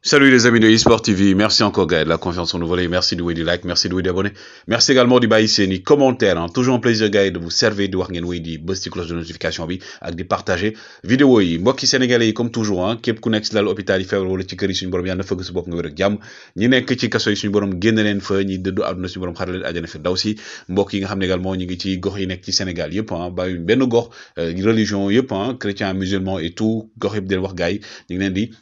Salut les amis de e-sport TV, merci encore Gaël, la confiance en nous voler, merci de du like, merci de d'abonner, merci également du bail ni commentaire, hein. toujours plaisir Gaël de vous servir, de voir ngeen wéy di cloche de notification bi avec des partager vidéo moi qui sénégalais comme toujours hein, qui est connecté à l'hôpital hôpital yi le wala ci kër il suñu borom yàlla na fëgg si bopp nga wér ak jàmm ñi nekk ci kaso yi suñu borom génn leen fa ñi dëddu àdduna suñu borom xaral leen àjjana fi daw si mbokk yi nga xam ne également ñi ngi ci gox yi nekk ci Sénégal yëpp ah hein, bàyyi benn gox euh, religion yëpp ah hein, chrétien musulman et tout gox de di leen wax gars ñu ngi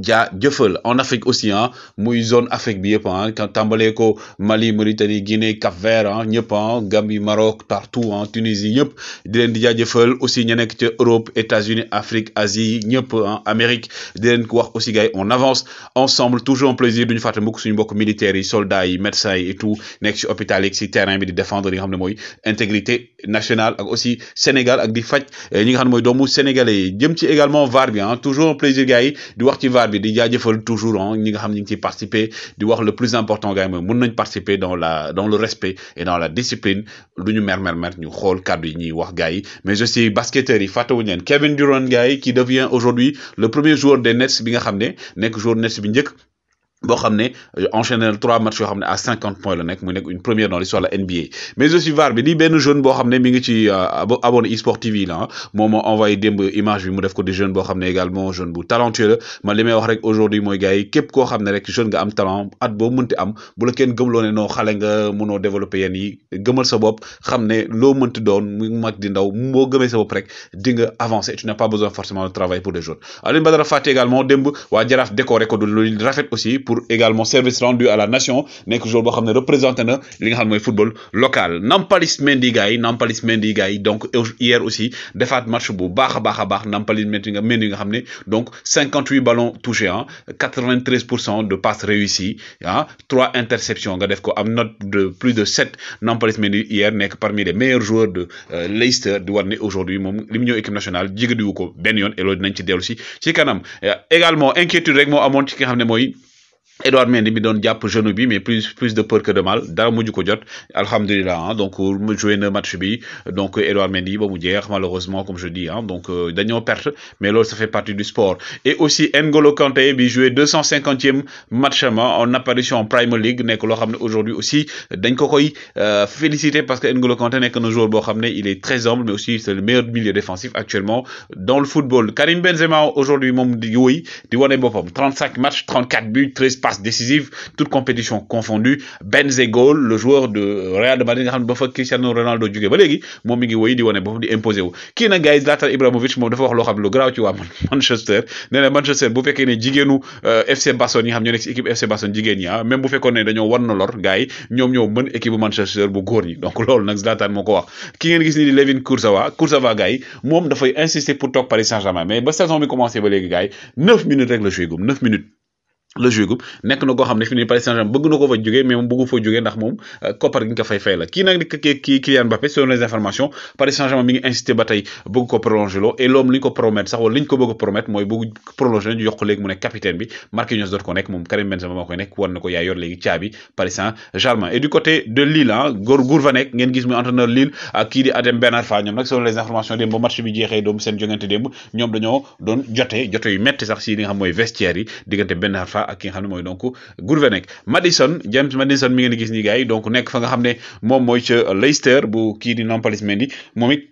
ja jëfal en Afrique aussi hein muy zone Afrique bi yëpp hein quand tambalé ko Mali Mauritanie Guinée Cap Vert ah hein, ñëpp hein. Gambie Maroc partout hein Tunisie ñëpp di leen di jaajëfal aussi ña nekk ca Europe États-Unis Afrique Asie ñëpp hein Amérique di leen ko wax aussi gay on avance ensemble toujours un plaisir du ñu fàtte mbokk suñu mbokk militaires yi soldats yi médecins yi et tout nekk ci hôpital yi ci terrain bi di défendre li nga xam ne mooy intégrité national ak aussi Sénégal ak di faj eh, ñi nga xam moy doomu sénégalais yi jëm ci également VAR bi hein, toujours plaisir gars yi di wax ci VAR bi di jajeufal toujours hein ñi nga xam ñu participer di wax le plus important gars yi mooy nañ participer dans la dans le respect et dans la discipline du ñu mer mer mer ñu xool cadre yi ñi wax gars yi mais aussi basketteur yi fàttewuñu ñen Kevin Durant gars yi qui devient aujourd'hui le premier joueur des Nets bi nga xam ne nekk joueur Nets bi njëkk bo xamné enchaîner enchaîné trois matchs yo xamné à 50 points le Nek mu nek une première dans l'histoire de la NBA mais aussi VAR bi di benn jeune bo xamné mi ngi ci euh, abonné e-sport TV là ah, momo envoyé demb image bi mu def ko di jeune bo xamné également jeune bu talentueux la wax rek aujourd'hui moy gars yi képp koo rek jeune nga am talent at bo mënti am bu la kenn gëmloo ne noo nga mëno développer yenn yi gëmal sa bop xamné lo loo doon mu mag di ndaw mo gëmé sa bop rek di nga avancer tu n'as pas besoin forcément de travailler pour des jeunes Alioune Badara Faté également dembou wa jaraf décoré ko du rafet aussi pour également service rendu à la nation mais que je xamné représenter na li nga football local nampalis Mendy gay nampalis Mendy donc hier aussi defaat match bu a baax nampalis nga nga donc 58 ballons touchés 93% hein, 93% de passes réussies hein trois interceptions nga def ko am note de plus de 7 nampalis Mendy hier nek parmi les meilleurs joueurs de euh, Leicester di wone aujourd'hui mom équipe nationale jigadiwu wuko ben et loolu dinañ ci C'est qu'un ci kanam euh, également inquiétude rek mo amone ci nga xamné moy Edouard Mendy mi doon jàpp genou bi mais plus plus de peur que de mal dara mujj ko jot hein. donc euh, mu joué na match bi donc Edouard Mendy ba mu malheureusement comme je dis hein, donc euh, dañoo perte mais loolu ça fait partie du sport et aussi N'Golo Kanté bi joué 250 e match hein, en apparition en Premier League nekk loo aujourd'hui aussi dañ ko koy euh, féliciter parce que N'Golo Kanté nekk qu'un joueur boo xam il est très humble mais aussi c'est le meilleur milieu défensif actuellement dans le football Karim Benzema aujourd'hui moom di woy di wane boppam 35 matchs 34 buts passe décisive, toute compétition confondue Benzegol le joueur de Real de Madrid nga xam ne Cristiano Ronaldo jógee ba léegi moom mi ngi woy di wane boppam di imposé wu kii nag gars Zlatan Ibrahimovic moom dafa wax loo xam ne lu ci Manchester nee na Manchester bu fekkee ne jigéenu euh, FC Barcelone yi nga xam équipe FC Barcelone jigéen ñi ah, même bu fekkoon ne dañoo war na lor gars yi ñoom ñoo mën équipe bu Manchester bu goor ni donc lool nak Zlatan moo wax ki ngeen gis ni di Layvin Kurzawa Kurzawa gars yi moom dafay insister pour toog Paris Saint-Germain mais ba saison bi commencé ba légui gars 9 neuf minutes rek la joué gum neuf minutes le joué gub nekk na go xamne ne fi mu Paris Saint-Germain bëgg na ko fa jógee mais moom bëggu fa jógee ndax moom euh, koppar gi nga fay fay la ki nak di kii Kylian mbappe selon les informations Paris Saint-Germain mi ngi insister ba tey bëgg ko prolonger lo et l'homme li ko promettre sax wala liñ ko bëgg a promettre mooy bëgg prolongé la ñu yokk léegi mu nekk capitaine bi Marquinhos doot ko nekk moom Karim Benzema moo koy nekk war na ko yaay yor léegi caabi Paris Saint-Germain et du côté de Lille hein Gor Gourvenek ngeen gis mu entraîneur Lille ak ki di Adem Ben Arfa ñoom nag selon les informations dem bo match bi jeexee doom sen jongante dem ñom dañoo don jote jote yu metti sax si li nga xam moy vestiaire yi diggante Ben Arfa Camara ak ki nga xam ne mooy donc Gourvenek Madison James Madison mi ngeen gis ni yi donc nekk fa nga xam ne moom mooy ca Leicester bu kii di Nampalys Mendy moom it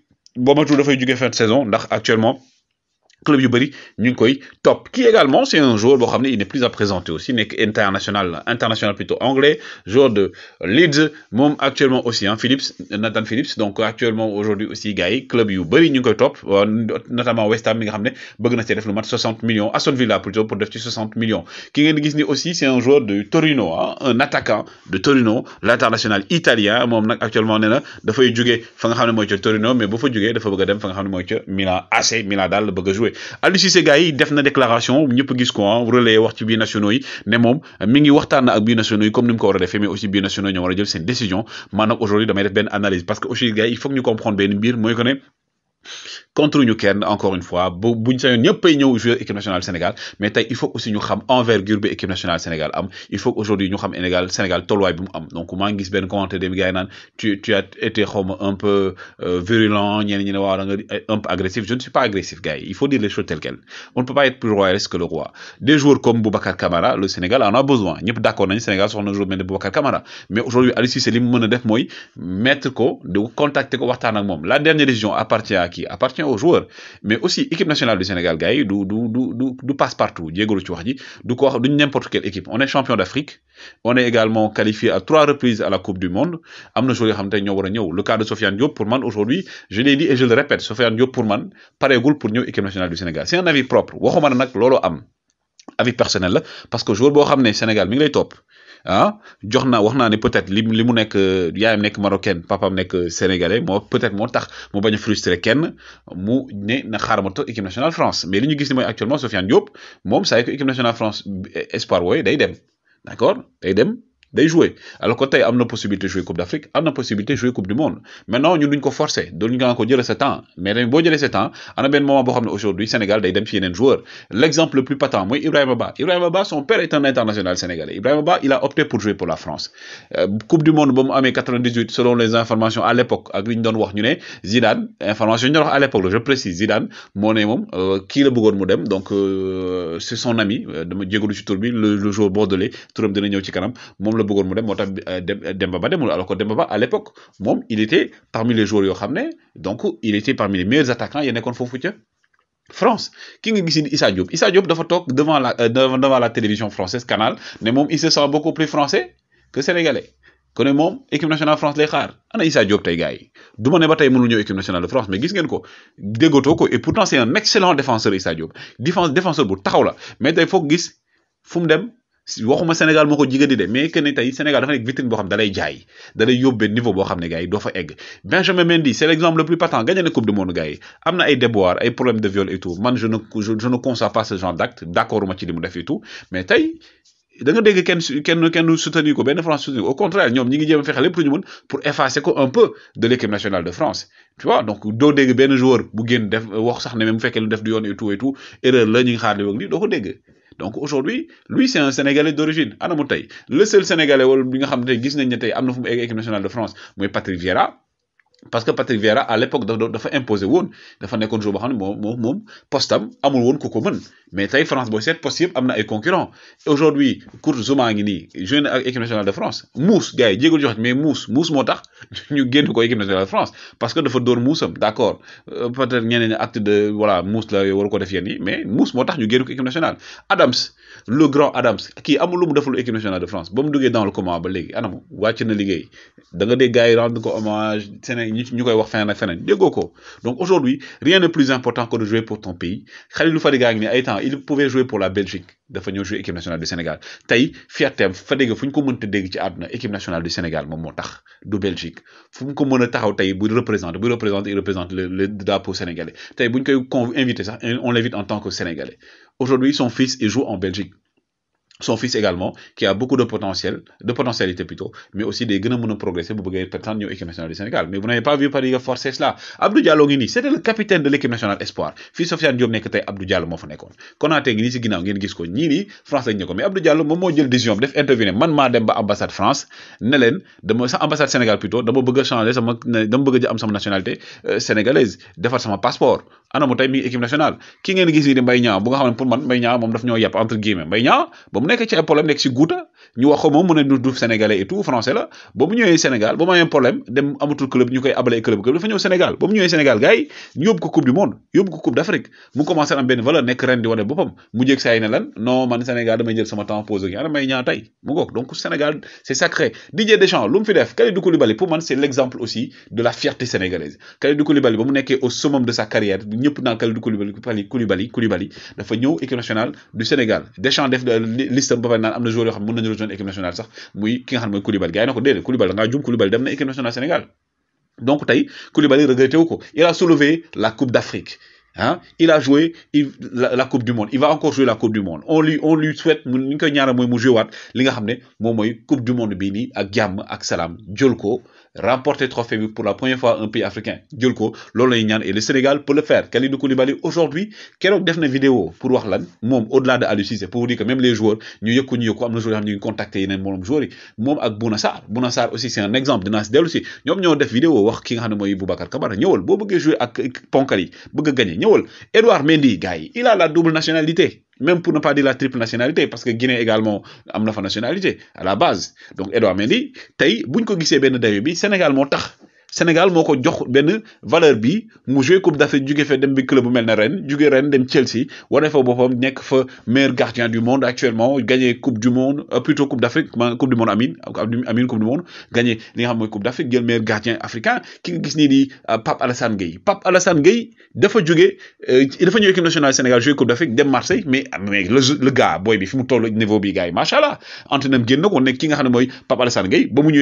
boo matul dafay jóge fin de saison ndax actuellement. club yu bari ñu ngi koy également c'est un joueur il n'est plus à présenter aussi nekk international international plutôt anglais joueur de Leeds actuellement aussi hein, Philips Nathan Philips donc actuellement aujourd'hui aussi gars club yu bari ñu notamment West Ham mi nga xam 60 millions Aston Villa plutôt pour def ci 60 millions ki ngeen gis aussi c'est un joueur de Torino hein, un attaquant de Torino l'international italien moom nag actuellement nee na dafay jugee fa nga xam ne mooy Torino mais bu fa jugee dafa bëgg a dem fa nga xam ne Milan AC Milan daal la bëgg jouer joué Aliou Cissé gars yi def na déclaration ñëpp gis ko ah wax ci bi nationaux yi né mom mi ngi waxtaan ak bi nationaux yi comme nous ko mais aussi bi nationaux ñoo wara jël décision maintenant, aujourd'hui damay def ben analyse parce que aussi il faut que ñu comprendre bien bir moy ko né contre ñu kenn encore une fois bu buñ pas ñeppay ñëw joueur équipe nationale Sénégal mais il faut aussi ñu xam envergure bi équipe nationale Sénégal am il faut aujourd'hui ñu xam Sénégal Sénégal tolluwaay bi mu am donc maa ngi gis benn commentaire dem gars tu tu as été xaw un peu euh, virulent ñi ne nga un peu agressif je ne suis pas agressif gars il faut dire les choses telles quelles on ne peut pas être plus royaliste que le roi des joueurs comme Boubacar Camara le Sénégal en a besoin ñëpp d'accord nañ Sénégal soxna joueur mel Boubacar Camara mais aujourd'hui Aliou Cissé c'est mu mën a def mettre ko de contacter ko waxtaan ak la dernière décision appartient à qui appartient aux joueurs mais aussi équipe nationale du Sénégal gars du du du passe partout Diego ci wax du n'importe quelle équipe on est champion d'Afrique on est également qualifié à trois reprises à la Coupe du Monde le cas de Sofiane Diop pour man aujourd'hui je l'ai dit et je le répète Sofiane Diop pour man pareegul pour nous équipe nationale du Sénégal c'est un avis propre waxuma am avis personnel parce que joueur boo Sénégal mi Top ah jox naa wax naa ne peut-être li li mu nekk euh, yaayam nekk marocaine papaam nekk euh, sénégalais moo peut-être moo tax mu bañ a frustré kenn mu ne na xaaral ma équipe nationale France mais li ñu gis ni mooy actuellement Sofiane Diop moom saa yu ko équipe nationale France espoir wooyu day dem d'accord day dem day jouer alors que tey a une possibilité jouer coupe d'Afrique on a la possibilité jouer coupe du monde maintenant ñu duñ ko forcer ñu nga ko jëlee sa temps mais dañ bo jëlee sa temps ana ben moment bo xamné aujourd'hui Sénégal day dem ci yenen joueur L'exemple le plus patent moy Ibrahima Ba Ibrahima Ba son père est un international sénégalais Ibrahima Ba il a opté pour jouer pour la France euh, coupe du monde en 1998, selon les informations à l'époque, ak li Zidane information ñu à l'époque je précise Zidane mon ne qui euh, est la bëggoon mu dem donc euh, c'est son ami dama jégalu le joueur bordelais dina ñëw ci kanam la bëggoon mu dem moo tax euh, euh, Demba Ba demul alors que Demba Ba à l'époque moom il était parmi les joueurs yoo xam ne donc il était parmi les meilleurs attaquants yi nekkoon foofu ca France ki nga gis ni Issa Diop Issa Diop dafa toog devant la euh, devant la télévision française Canal ne moom il se sent beaucoup plus français que sénégalais que ne moom équipe nationale France lay xaar ana Issa Diop tey gars yi du ma ne ba tey mënul ñëw équipe nationale de France mais gis ngeen ko déggatoo ko et pourtant c'est un excellent défenseur Issa Diop défense défenseur bu taxaw la mais tey foog gis fu mu dem waxuma Sénégal moo ko jigéen de mais que ne tey Sénégal dafa nek vitrine bo xam dalay jaay da lay niveau bo xam ne gars yi fa egg Benjamin Mendy c'est l'exemple le plus patent gagné la coupe du monde gars amna ay déboires ay problèmes de viol et tout man je ne je ne conçois pas ce genre d'acte d'accord ma ci limu def et tout mais tay da nga dégg kenn kenn kenn soutenir ko benn France soutenir au contraire ñoom ñi ngi jéem a fexe lépp lu ñu mën pour effacer ko un peu de l' équipe nationale de France tu vois donc doo dégg benn joueur bu génn def wax sax ne même bu fekkee lu def du yoon et tout et tout erreur la ñu ngi xaar li wëg li doo ko dégg donc aujourd'hui lui c'est un sénégalais d'origine anamu tey le seul sénégalais wala bi nga xam ne gis nañ équipe nationale de France moy Patrick Vieira parce que Patrick Vieira à l'époque dafa imposé woon dafa nekkoon jour boo xam postam amul mais tey France booy c'est possible yëpp ay concurrents aujourd'hui Kurt Zouma ngi nii jeune équipe nationale de France mousse gars yi jéegul jox mais mousse mousse motax ñu génn ko équipe nationale de France parce que dafa d'or Moussam d'accord euh, peut-être ñeneen acte de voilà mousse la war ko def yéen mais mousse motax ñu génn ko équipe nationale Adams le grand Adams kii amul lu mu deful équipe nationale de France bam duggé dans le coma ba légui anam wàcc na liggéey da nga dégg gars yi rendre ko hommage seneen ñu koy wax feneen ak feneen déggoo donc aujourd'hui rien n'est plus important que de jouer pour ton pays Khalilou Fadiga ngi ay temps il pouvait jouer pour la Belgique dafa ñëw jouer équipe nationale du Sénégal Taï fierteem fa dégg fu te ko mënta équipe nationale du Sénégal moom de tax Belgique fu mu ko il représente bu représente il représente le drapeau sénégalais Taï bu koy on l'invite en tant que sénégalais aujourd'hui son fils il joue en Belgique son fils également qui a beaucoup de potentiel de potentialité plutôt mais aussi des gën a progresser bu bëggee prétendre ñëw équipe nationale du Sénégal mais vous n'avez pas vu Paris forcer cela Abdou Diallo ngi c'était le capitaine de l'équipe nationale espoir Fils Sofiane Diop nekk tey Abdou Diallo moo fa nekkoon Konaté ngi nii si ginnaaw ngeen gis ko ñii nii France lañ mais Abdou Diallo moom moo jël décision def intervenir man maa dem ba ambassade France ne dama ambassade Sénégal plutôt dama bëgg changer sama dama bëgg a am sama nationalité euh, sénégalaise defar sama passeport ana mu tay mi équipe nationale ki ngeen gis nii di Mbaye Niang bu nga xam pour man Mbaye Niang mom daf ñoo yàpp entre guillemets Mbaye Niang nekk ci ay problème nekk ci guuta ñu wax ko moom mu ne du du sénégalais et tout français la ba mu ñëwee Sénégal ba mu amee problème dem amatul club ñu koy abalee club club dafa ñëw Sénégal ba mu ñëwee Sénégal gars yi ñu yóbbu ko coupe du monde yóbbu ko coupe d'Afrique mu commencé am benn valeur nekk ren di wane boppam mu jéeg saa ne lan non man Sénégal damay jël sama temps pause ak yàlla may ñaa tey mu ngoog donc Sénégal c'est sacré Didier Deschamps lu mu fi def Kalidou Koulibaly pour man c'est l'exemple aussi de la fierté sénégalaise Kalidou Koulibaly ba mu nekkee au summum de sa carrière ñëpp naan Kalidou Koulibaly Koulibaly Koulibaly dafa ñëw équipe nationale du Sénégal Deschamps def liste ba pare naan am na joueur yoo xam mën nañu doon équipe nationale sax muy ki nga xam moy mooy Koulibaly gars yi na ko déedéet Koulibaly da ngaa jum Koulibaly dem na équipe nationale Sénégal donc tay Koulibaly regretté wu ko il a soulevé la coupe d'Afrique Hein? Il a joué la, Coupe du Monde. Il va encore jouer la Coupe du Monde. On lui, on lui souhaite ni ko ñaara moy mu Coupe du Monde bi ni ak jamm ak salam Djolko, ko le trophée pour la première fois un pays africain Djolko, ko et le Sénégal pour le faire. aujourd'hui Koulibaly aujourd'hui kérok def na vidéo pour voir lan au-delà de Aliou c'est pour vous dire que même les joueurs nous avons ñu les joueurs na joueur contacter yenen joueur mom ak Bouna Sarr. aussi c'est un exemple de ci aussi ci ñom ñoo def vidéo wax ki nga xamné moy Boubacar Kamara ñewal bo jouer ak ponkali bëgg gagner Edouard Mendy il a la double nationalité même pour ne pas dire la triple nationalité parce que Guinée également a une nationalité à la base donc Edouard Mendy Taï, buñ ko double nationalité. Sénégal Sénégal moko jox ben valeur bi mu jouer coupe d'Afrique jóge fa dem bi club bu mel Rennes jóge Rennes dem Chelsea wane fa boppam nek fa meilleur gardien du monde actuellement gagné coupe du monde euh, plutôt coupe d'Afrique coupe du monde Amine, amin coupe du monde gagné li nga xam moy coupe d'Afrique meilleur gardien africain ki nga gis ni di euh, Pape Alassane Gueye Pape Alassane Gueye dafa jóge euh, dafa ñëw équipe nationale Sénégal joué coupe d'Afrique dem Marseille mais mais le gars boy, bi fi mu toll niveau bi gars machallah antenam genn entraîneur génn ki nga xam moy Pape Alassane Gueye ba mu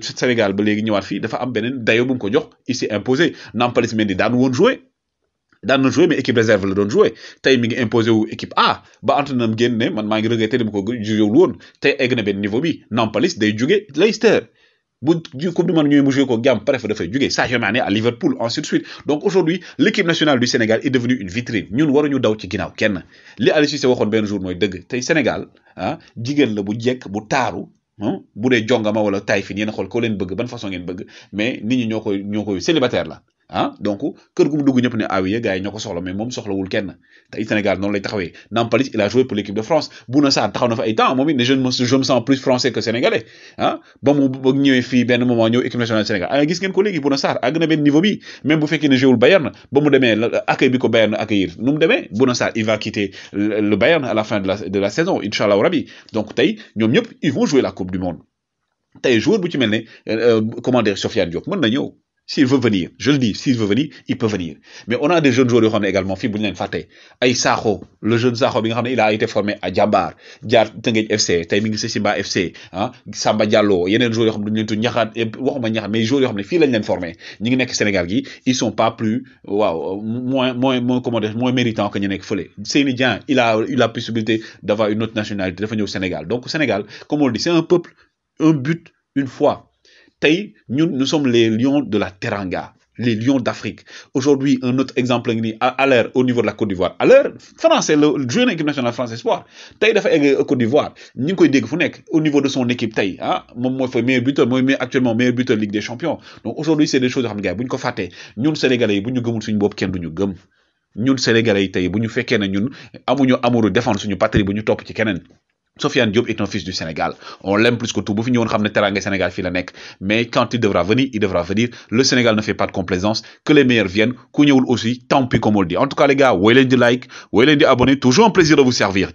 Sénégal ba légui ñëwaat fi dafa benen dayo bu ko jox il s'est imposé nampalis mendi daan won jouer dans na mais équipe réserve la doon joué tay mi ngi imposé wu équipe A ba entraîneur am man maa ngi regretté dama ko jugewul won tay egg na benn niveau bi nampalis day jugee Leicester bu coupe du monde ñoy mu jouer ko Gambie bref dafay jugee Sadio Mané à Liverpool ainsi suite donc aujourd'hui l'équipe nationale du Sénégal est devenue une vitrine ñun waruñu daw ci ginaaw kenn li Aliou Cissé waxoon benn jour moy deug tay Sénégal ah jigen la bu jek bu taru Hmm? bu dee jongama wala taay fi xol ko leen bëgg ban façon ngeen bëgg mais ni ñi ñoo koy ñoo koy célibataire la ah donc kër gum mu dugg ñëpp ne awiye ah gars yi ñoo ko soxla mais moom soxlawul kenn tey Sénégal non lay taxawé Nampalys il a joué pour l'équipe de France Bouna Sarr taxaw na fa ay temps momi ne je me je me sens plus français que sénégalais ah ba mu ñëwee fi benn moment ñëw équipe nationale Sénégal ay ah, gis ngeen ko légui Bouna Sarr àgg na benn niveau bi même bu fekkee né joué Bayern ba mu démé accueil bi ko Bayern accueillir nu démé demee il va quitter le Bayern à la fin de la de la saison inshallah rabbi donc tay ñom ñëpp ils vont jouer la coupe du monde tay joueur bu ci melné euh, euh, comment dire Sofiane Diop mën na ñëw s'il veut venir je le dis s'il veut venir il peut venir mais on a des jeunes joueurs yoo xam également fii bu ñu leen ay le jeune Sakho il a été formé à Djabar, jaar FC Taiming mi FC ah, Samba Diallo yeneen joueurs yoo xam ne de leen tudd de waxuma mais joueurs qui xam ne fii lañ leen formé ñi ngi nekk Sénégal ne ils sont pas plus moins moins moins moins méritants que les nekk C'est il a eu la possibilité d'avoir une autre nationalité dafa au Sénégal donc au Sénégal comme on le dit c'est un peuple un but une foi Tay, nous sommes les lions de la teranga les lions d'Afrique aujourd'hui un autre exemple à l'heure au niveau de la Côte d'Ivoire à l'heure français le joué équipe nationale France espoir Tay, dafa Côte d'Ivoire ñu koy au niveau de son équipe Tay, hein, ah, moom mooy fa meilleur buteur mooy actuellement meilleur buteur Ligue des Champions donc aujourd'hui c'est des choses yoo gars yi ko fàttee ñun sénégalais yi bu ñu gëmul suñu nous sommes du gëm ñun sénégalais tay buñu bu né ne ñun amuñu amuru défendre suñu patrie buñu top ci kenen Sofiane Diop est un fils du Sénégal. On l'aime plus que tout. Mais quand il devra venir, il devra venir. Le Sénégal ne fait pas de complaisance. Que les meilleurs viennent. Kounioul aussi. Tant pis, comme on le dit. En tout cas, les gars, wayland like, wayland abonner. Toujours un plaisir de vous servir.